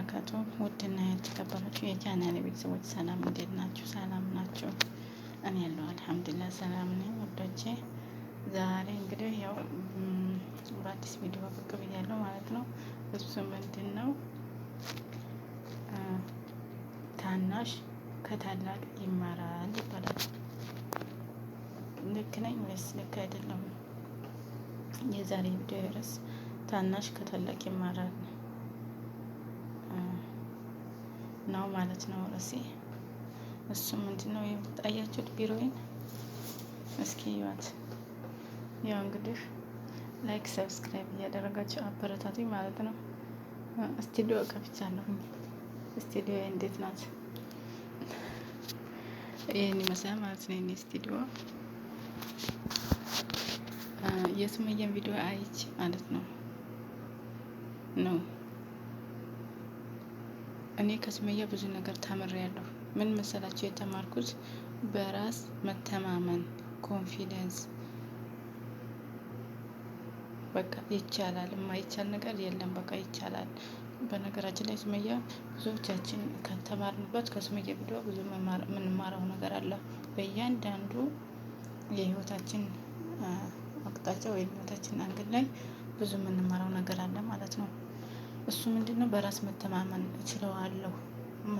ወበረካቱ ውድና የተከበራችሁ የቻናል ቤተሰቦች ሰላም፣ እንዴት ናችሁ? ሰላም ናችሁ? እኔ ያለው አልሐምዱሊላህ ሰላም ነኝ። ውዶቼ ዛሬ እንግዲህ ያው በአዲስ ቪዲዮ ብቅ ብያለሁ ማለት ነው። እሱ ምንድን ነው ታናሽ ከታላቅ ይማራል ይባላል። ልክ ነኝ ወይስ ልክ አይደለም? የዛሬ ቪዲዮ ርዕስ ታናሽ ከታላቅ ይማራል ነው ማለት ነው ረሴ እሱ ምንድን ነው የምታያችሁት? ቢሮዬን እስኪ ይዋት። ያው እንግዲህ ላይክ ሰብስክራይብ እያደረጋችሁ አበረታቱኝ ማለት ነው። ስቱዲዮ ከፍቻለሁ። ስቱዲዮ እንዴት ናት? ይህን ይመስላል ማለት ነው የኔ ስቱዲዮ። የሱመያን ቪዲዮ አይች ማለት ነው ነው እኔ ከሱመያ ብዙ ነገር ተምሬያለሁ። ምን መሰላችሁ የተማርኩት? በራስ መተማመን ኮንፊደንስ፣ በቃ ይቻላል፣ የማይቻል ነገር የለም፣ በቃ ይቻላል። በነገራችን ላይ ሱመያ ብዙዎቻችን ከተማርንበት ከሱመያ ቪዲዮ ብዙ የምንማረው ነገር አለ። በእያንዳንዱ የህይወታችን አቅጣጫ ወይም ህይወታችን አንግል ላይ ብዙ የምንማረው ነገር አለ ማለት ነው። እሱ ምንድነው በራስ መተማመን እችለዋለሁ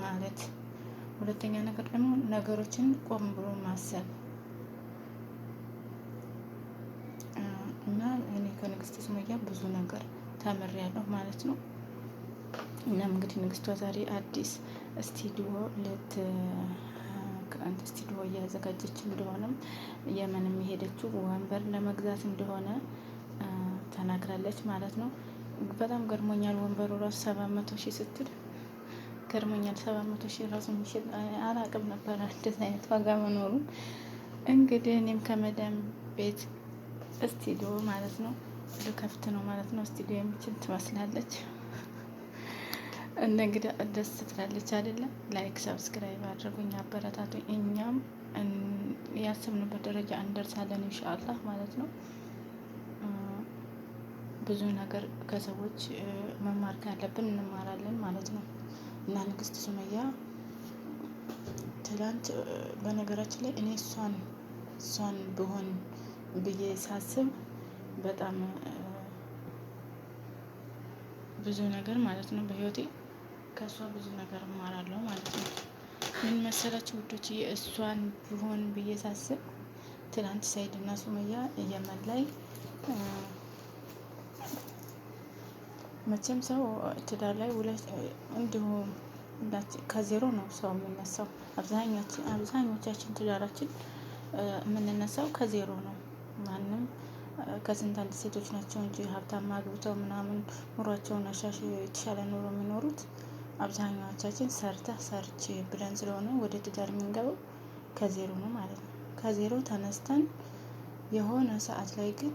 ማለት። ሁለተኛ ነገር ደግሞ ነገሮችን ቆም ብሎ ማሰብ እና እኔ ከንግስት ሱመያ ብዙ ነገር ተምሬያለሁ ማለት ነው። እናም እንግዲህ ንግስቷ ዛሬ አዲስ ስቱዲዮ ልት ከአንድ ስቱዲዮ እያዘጋጀች እንደሆነም የመንም የሄደችው ወንበር ለመግዛት እንደሆነ ተናግራለች ማለት ነው። በጣም ገርሞኛል። ወንበሩ ራሱ ሰባት መቶ ሺህ ስትል ገርሞኛል። ሰባት መቶ ሺህ ራሱ የሚችል አላቅም ነበረ እንደዚህ አይነት ዋጋ መኖሩ። እንግዲህ እኔም ከመዳም ቤት ስቱዲዮ ማለት ነው ልከፍት ነው ማለት ነው። ስቱዲዮ የሚችል ትመስላለች እንግዲህ ደስ ትላለች አይደለም። ላይክ ሰብስክራይብ አድርጉኝ፣ አበረታቱኝ። እኛም ያሰብንበት ደረጃ እንደርሳለን ኢንሻአላህ ማለት ነው። ብዙ ነገር ከሰዎች መማር ካለብን እንማራለን ማለት ነው። እና ንግስት ሱመያ ትላንት በነገራችን ላይ እኔ እሷን እሷን ብሆን ብዬ ሳስብ በጣም ብዙ ነገር ማለት ነው በህይወቴ ከእሷ ብዙ ነገር እማራለሁ ማለት ነው። ምን መሰላችሁ ውዶች እሷን ብሆን ብዬ ሳስብ ትላንት እና ሱመያ የመን ላይ መቼም ሰው ትዳር ላይ ውለሽ እንዲሁ ከዜሮ ነው ሰው የሚነሳው። አብዛኞቻችን ትዳራችን የምንነሳው ከዜሮ ነው። ማንም ከስንት አንድ ሴቶች ናቸው እንጂ ሀብታም አግብተው ምናምን ኑሯቸውን አሻሽ የተሻለ ኑሮ የሚኖሩት አብዛኛዎቻችን ሰርተ ሰርች ብለን ስለሆነ ወደ ትዳር የምንገባው ከዜሮ ነው ማለት ነው። ከዜሮ ተነስተን የሆነ ሰዓት ላይ ግን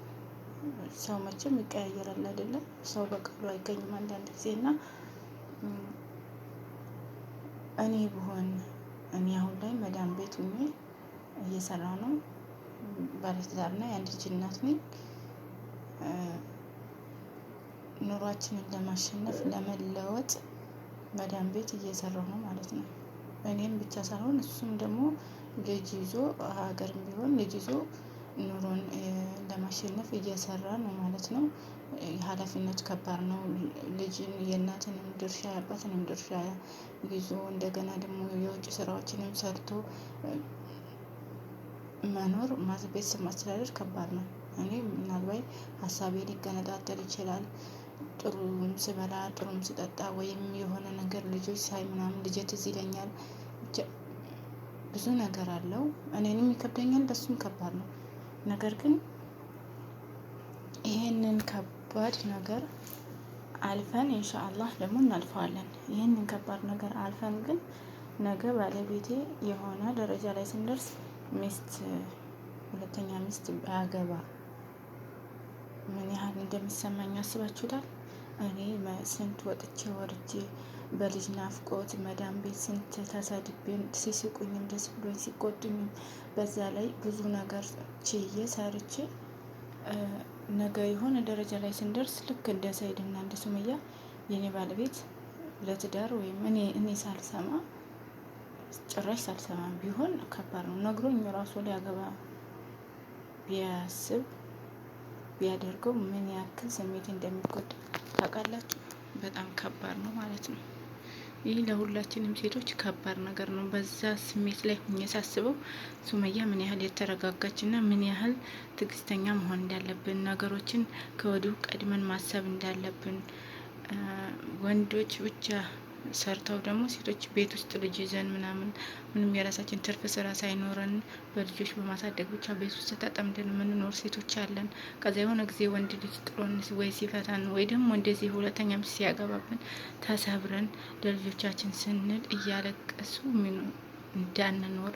ሰው መቼም ይቀያየራል አይደለም። ሰው በቃሉ አይገኝም አንዳንድ ጊዜ እና እኔ ብሆን እኔ አሁን ላይ መዳን ቤት ሁኜ እየሰራ ነው። ባለትዳርና የአንድ ልጅ እናት ነኝ። ኑሯችንን ለማሸነፍ ለመለወጥ መዳን ቤት እየሰራሁ ነው ማለት ነው። እኔም ብቻ ሳልሆን እሱም ደግሞ ልጅ ይዞ ሀገርም ቢሆን ልጅ ይዞ ኑሮን ለማሸነፍ እየሰራ ነው ማለት ነው። ሀላፊነት ከባድ ነው። ልጅን የእናትንም ድርሻ የአባትንም ድርሻ ይዞ እንደገና ደግሞ የውጭ ስራዎችንም ሰርቶ መኖር ቤተሰብ ማስተዳደር ከባድ ነው። እኔ ምናልባት ሀሳቤ ሊገነጣጠል ይችላል። ጥሩም ስበላ ጥሩም ስጠጣ ወይም የሆነ ነገር ልጆች ሳይ ምናምን ልጄ ትዝ ይለኛል። ብዙ ነገር አለው እኔንም ይከብደኛል በሱም ከባድ ነው ነገር ግን ይሄንን ከባድ ነገር አልፈን ኢንሻአላህ ደግሞ እናልፈዋለን። ይህንን ከባድ ነገር አልፈን ግን ነገ ባለቤቴ የሆነ ደረጃ ላይ ስንደርስ ሚስት ሁለተኛ ሚስት አገባ ምን ያህል እንደሚሰማኝ አስባችሁታል? እኔ ስንት ወጥቼ ወርጄ በልጅ ናፍቆት መዳም ቤት ስንት ተሰድቤን ሲስቁኝም ደስ ብሎኝ ሲቆጡኝም በዛ ላይ ብዙ ነገር ችዬ ሰርቼ ነገ የሆነ ደረጃ ላይ ስንደርስ ልክ እንደ ሰይድ እና እንደ ሱመያ የኔ ባለቤት ለትዳር ወይም እኔ እኔ ሳልሰማ ጭራሽ ሳልሰማ ቢሆን ከባድ ነው። ነግሮኝ ራሱ ሊያገባ ቢያስብ ቢያደርገው ምን ያክል ስሜት እንደሚጎድ ታውቃላችሁ? በጣም ከባድ ነው ማለት ነው። ይህ ለሁላችንም ሴቶች ከባድ ነገር ነው። በዛ ስሜት ላይ ሁኜ ሳስበው ሱመያ ምን ያህል የተረጋጋችና ምን ያህል ትዕግስተኛ መሆን እንዳለብን፣ ነገሮችን ከወዲሁ ቀድመን ማሰብ እንዳለብን ወንዶች ብቻ ሰርተው ደግሞ ሴቶች ቤት ውስጥ ልጅ ይዘን ምናምን ምንም የራሳችን ትርፍ ስራ ሳይኖረን በልጆች በማሳደግ ብቻ ቤት ውስጥ ተጠምደን የምንኖር ሴቶች አለን። ከዛ የሆነ ጊዜ ወንድ ልጅ ጥሎን ወይ ሲፈታን ወይ ደግሞ እንደዚህ ሁለተኛም ሲያገባብን ተሰብረን ለልጆቻችን ስንል እያለቀሱ እንዳንኖር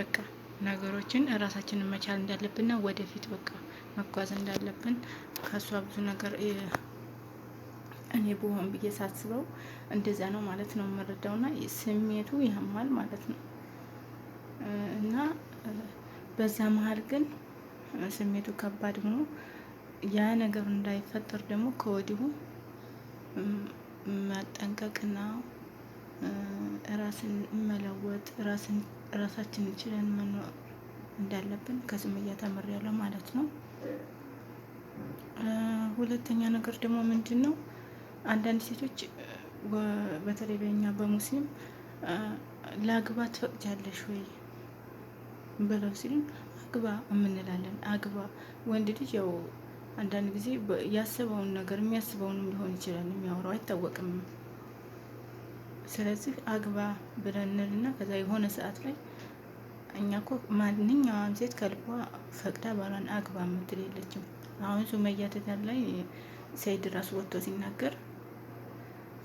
በቃ ነገሮችን ራሳችንን መቻል እንዳለብንና ወደፊት በቃ መጓዝ እንዳለብን ከእሷ ብዙ ነገር እኔ ብሆን ብዬ ሳስበው እንደዚያ ነው ማለት ነው እና ስሜቱ ያማል ማለት ነው። እና በዛ መሀል ግን ስሜቱ ከባድ ሆኖ ያ ነገር እንዳይፈጠር ደግሞ ከወዲሁ መጠንቀቅና ራስን መለወጥ ራሳችን ችለን መኖር እንዳለብን ከሱመያ ተምሬያለሁ ማለት ነው። ሁለተኛ ነገር ደግሞ ምንድን ነው አንዳንድ ሴቶች በተለይ በኛ በሙስሊም ለአግባ ትፈቅጃለሽ ወይ ብለው ሲሉ አግባ የምንላለን። አግባ ወንድ ልጅ ያው አንዳንድ ጊዜ ያሰበውን ነገር የሚያስበውንም ሊሆን ይችላል የሚያወራው አይታወቅም። ስለዚህ አግባ ብለን እንልና ከዛ የሆነ ሰዓት ላይ እኛ እኮ ማንኛውም ሴት ከልቧ ፈቅዳ ባሏን አግባ የምትል የለችም። አሁን ሱመያ ላይ ሰይድ ራሱ ወጥቶ ሲናገር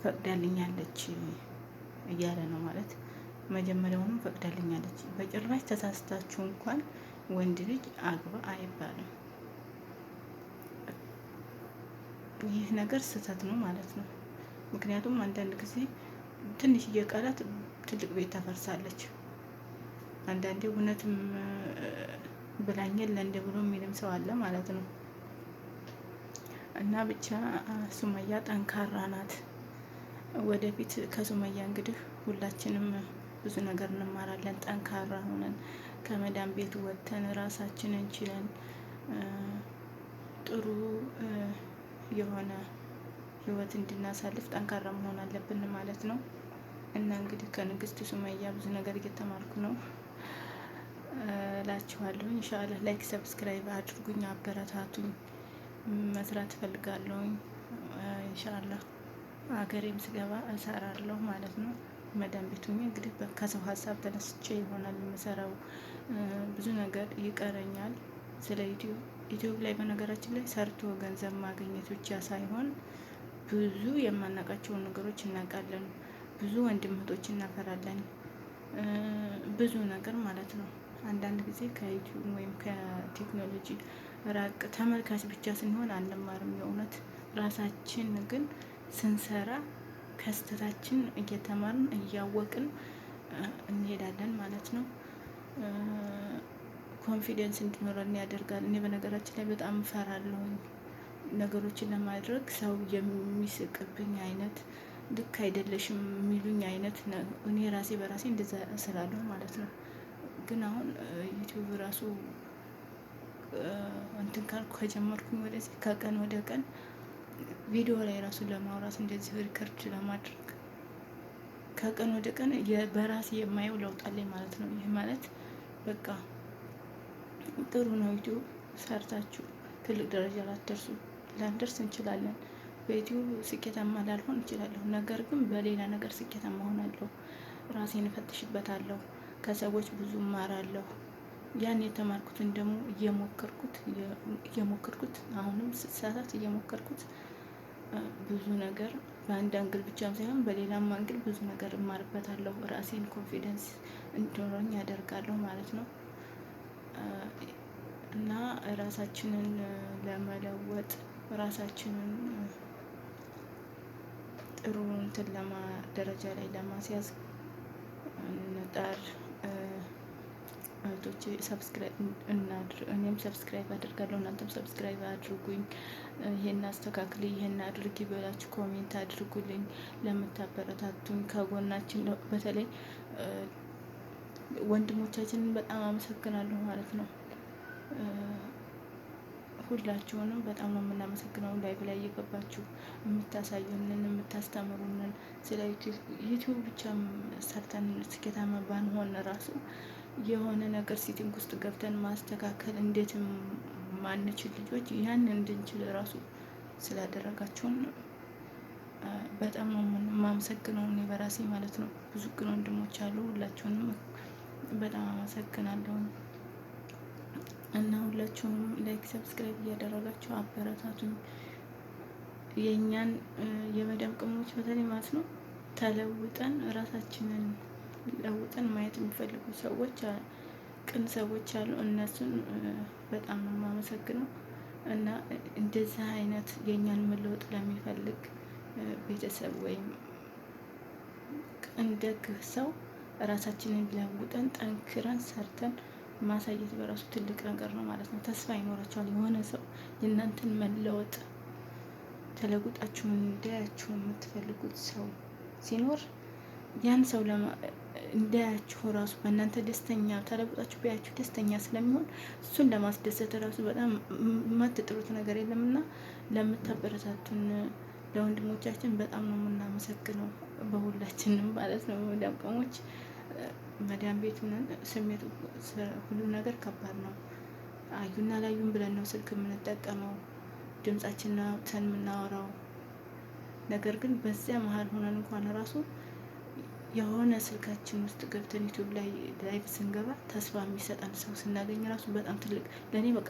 ፈቅዳልኛለች እያለ ነው ማለት መጀመሪያውንም ፈቅዳልኛለች። በጭራሽ ተሳስታችሁ እንኳን ወንድ ልጅ አግባ አይባልም። ይህ ነገር ስህተት ነው ማለት ነው። ምክንያቱም አንዳንድ ጊዜ ትንሽዬ ቃላት ትልቅ ቤት ታፈርሳለች። አንዳንዴ እውነትም ብላኝል ለእንደ ብሎ የሚልም ሰው አለ ማለት ነው። እና ብቻ ሱመያ ጠንካራ ናት። ወደፊት ከሱመያ እንግዲህ ሁላችንም ብዙ ነገር እንማራለን። ጠንካራ ሆነን ከመዳን ቤት ወጥተን ራሳችንን ችለን ጥሩ የሆነ ህይወት እንድናሳልፍ ጠንካራ መሆን አለብን ማለት ነው። እና እንግዲህ ከንግስት ሱመያ ብዙ ነገር እየተማርኩ ነው እላችኋለሁ። ኢንሻአላህ ላይክ፣ ሰብስክራይብ አድርጉኝ፣ አበረታቱኝ። መስራት እፈልጋለሁኝ ኢንሻአላህ አገሬም ስገባ እሰራለሁ ማለት ነው። መዳን ቤቱኝ እንግዲህ ከሰው ሀሳብ ተነስቼ ይሆናል የምሰራው። ብዙ ነገር ይቀረኛል። ስለ ዩቲዩብ ላይ በነገራችን ላይ ሰርቶ ገንዘብ ማግኘት ብቻ ሳይሆን ብዙ የማናውቃቸውን ነገሮች እናውቃለን። ብዙ ወንድምህቶች እናፈራለን። ብዙ ነገር ማለት ነው። አንዳንድ ጊዜ ከዩቲዩብ ወይም ከቴክኖሎጂ ራቅ ተመልካች ብቻ ስንሆን አንማርም። የእውነት ራሳችን ግን ስንሰራ ከስተታችን እየተማርን እያወቅን እንሄዳለን ማለት ነው። ኮንፊደንስ እንዲኖረን ያደርጋል። እኔ በነገራችን ላይ በጣም ፈራለሁ ነገሮችን ለማድረግ ሰው የሚስቅብኝ አይነት ልክ አይደለሽም የሚሉኝ አይነት እኔ ራሴ በራሴ እንደዛ ስላለሁ ማለት ነው። ግን አሁን ዩቲዩብ ራሱ እንትን ካልኩ ከጀመርኩኝ ወደዚህ ከቀን ወደ ቀን ቪዲዮ ላይ ራሱን ለማውራት እንደዚህ ሪከርድ ለማድረግ ከቀን ወደ ቀን በራሴ የማየው ለውጥ አለኝ ማለት ነው። ይህ ማለት በቃ ጥሩ ነው። ዩቲዩብ ሰርታችሁ ትልቅ ደረጃ ላትደርሱ ላንደርስ እንችላለን። በዩቲዩብ ስኬታማ ላልሆን እችላለሁ። ነገር ግን በሌላ ነገር ስኬታማ ሆናለሁ። ራሴን እፈትሽበታለሁ። ከሰዎች ብዙ እማራለሁ። ያን የተማርኩትን ደግሞ እየሞከርኩት እየሞከርኩት አሁንም ስሳሳት እየሞከርኩት ብዙ ነገር በአንድ አንግል ብቻም ሳይሆን በሌላም አንግል ብዙ ነገር እማርበታለሁ። ራሴን ኮንፊደንስ እንዲኖረኝ ያደርጋለሁ ማለት ነው እና ራሳችንን ለመለወጥ ራሳችንን ጥሩ እንትን ለማ ደረጃ ላይ ለማስያዝ እንጣር። ሰዎች ሰብስክራይብ እኔም ሰብስክራይብ አድርጋለሁ፣ እናንተም ሰብስክራይብ አድርጉኝ። ይሄን አስተካክል፣ ይሄን አድርጊ ብላችሁ ኮሜንት አድርጉልኝ። ለምታበረታቱኝ ከጎናችን በተለይ ወንድሞቻችንን በጣም አመሰግናለሁ ማለት ነው። ሁላችሁንም በጣም ነው የምናመሰግነው። ላይቭ ላይ እየገባችሁ የምታሳዩንን የምታስተምሩንን ስለ ዩቲዩብ ብቻ ሰርተን ስኬታማ ባንሆን ራሱ የሆነ ነገር ሲቲንግ ውስጥ ገብተን ማስተካከል እንዴት ማንችል ልጆች ያን እንድንችል እራሱ ስላደረጋችሁን በጣም ነው የማመሰግነው። እኔ በራሴ ማለት ነው ብዙ ግን ወንድሞች አሉ። ሁላችሁንም በጣም አመሰግናለሁ እና ሁላችሁም ላይክ፣ ሰብስክራይብ እያደረጋችሁ አበረታቱን። የእኛን የመዳም ቅመሞች በተለይ ማለት ነው ተለውጠን እራሳችንን ለውጥን ማየት የሚፈልጉ ሰዎች ቅን ሰዎች አሉ። እነሱን በጣም ነው የማመሰግነው እና እንደዚህ አይነት የእኛን መለወጥ ለሚፈልግ ቤተሰብ ወይም እንደግ ሰው ራሳችንን ለውጠን ጠንክረን ሰርተን ማሳየት በራሱ ትልቅ ነገር ነው ማለት ነው። ተስፋ ይኖራቸዋል። የሆነ ሰው የእናንተን መለወጥ ተለውጣችሁ እንዳያችሁ የምትፈልጉት ሰው ሲኖር ያን ሰው እንዳያችሁ ራሱ በእናንተ ደስተኛ ተለውጣችሁ ቢያችሁ ደስተኛ ስለሚሆን እሱን ለማስደሰት ራሱ በጣም የማትጥሩት ነገር የለምና ለምታበረታቱን ለወንድሞቻችን በጣም ነው የምናመሰግነው፣ በሁላችንም ማለት ነው። መዳም ቀሞች መዳም ቤት ስሜቱ ሁሉ ነገር ከባድ ነው። አዩና ላዩን ብለን ነው ስልክ የምንጠቀመው ድምጻችን ነው የምናወራው። ነገር ግን በዚያ መሀል ሆነን እንኳን ራሱ የሆነ ስልካችን ውስጥ ገብተን ዩቱብ ላይ ላይቭ ስንገባ ተስፋ የሚሰጠን ሰው ስናገኝ ራሱ በጣም ትልቅ ለእኔ በቃ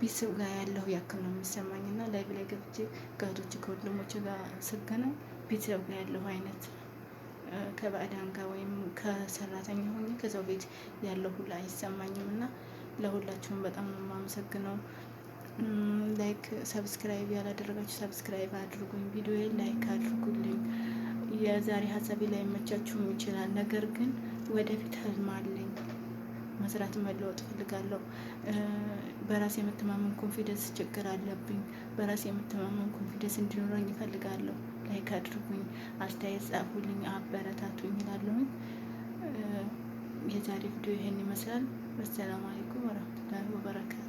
ቤተሰብ ጋር ያለሁ ያክል ነው የሚሰማኝ እና ላይቭ ላይ ገብቼ ጋቶች ከወንድሞች ጋር ስገናኝ ቤተሰብ ጋር ያለሁ አይነት ከባዕዳን ጋር ወይም ከሰራተኛ ሆኜ ከሰው ቤት ያለው ሁላ አይሰማኝም እና ለሁላችሁም በጣም ነው የማመሰግነው። ላይክ ሰብስክራይብ ያላደረጋችሁ ሰብስክራይብ አድርጉኝ፣ ቪዲዮ ላይክ አድርጉልኝ። የዛሬ ሀሳቤ ላይመቻችሁም ይችላል። ነገር ግን ወደፊት ህልም አለኝ፣ መስራት መለወጥ ፈልጋለሁ በራሴ የመተማመን ኮንፊደንስ ችግር አለብኝ። በራሴ የመተማመን ኮንፊደንስ እንዲኖረኝ ይፈልጋለሁ። ላይክ አድርጉኝ፣ አስተያየት ጻፉልኝ፣ አበረታቱኝ ይላለሁኝ። የዛሬ ቪዲዮ ይህን ይመስላል። በሰላም አለይኩም ወረህመቱላሂ ወበረካቱ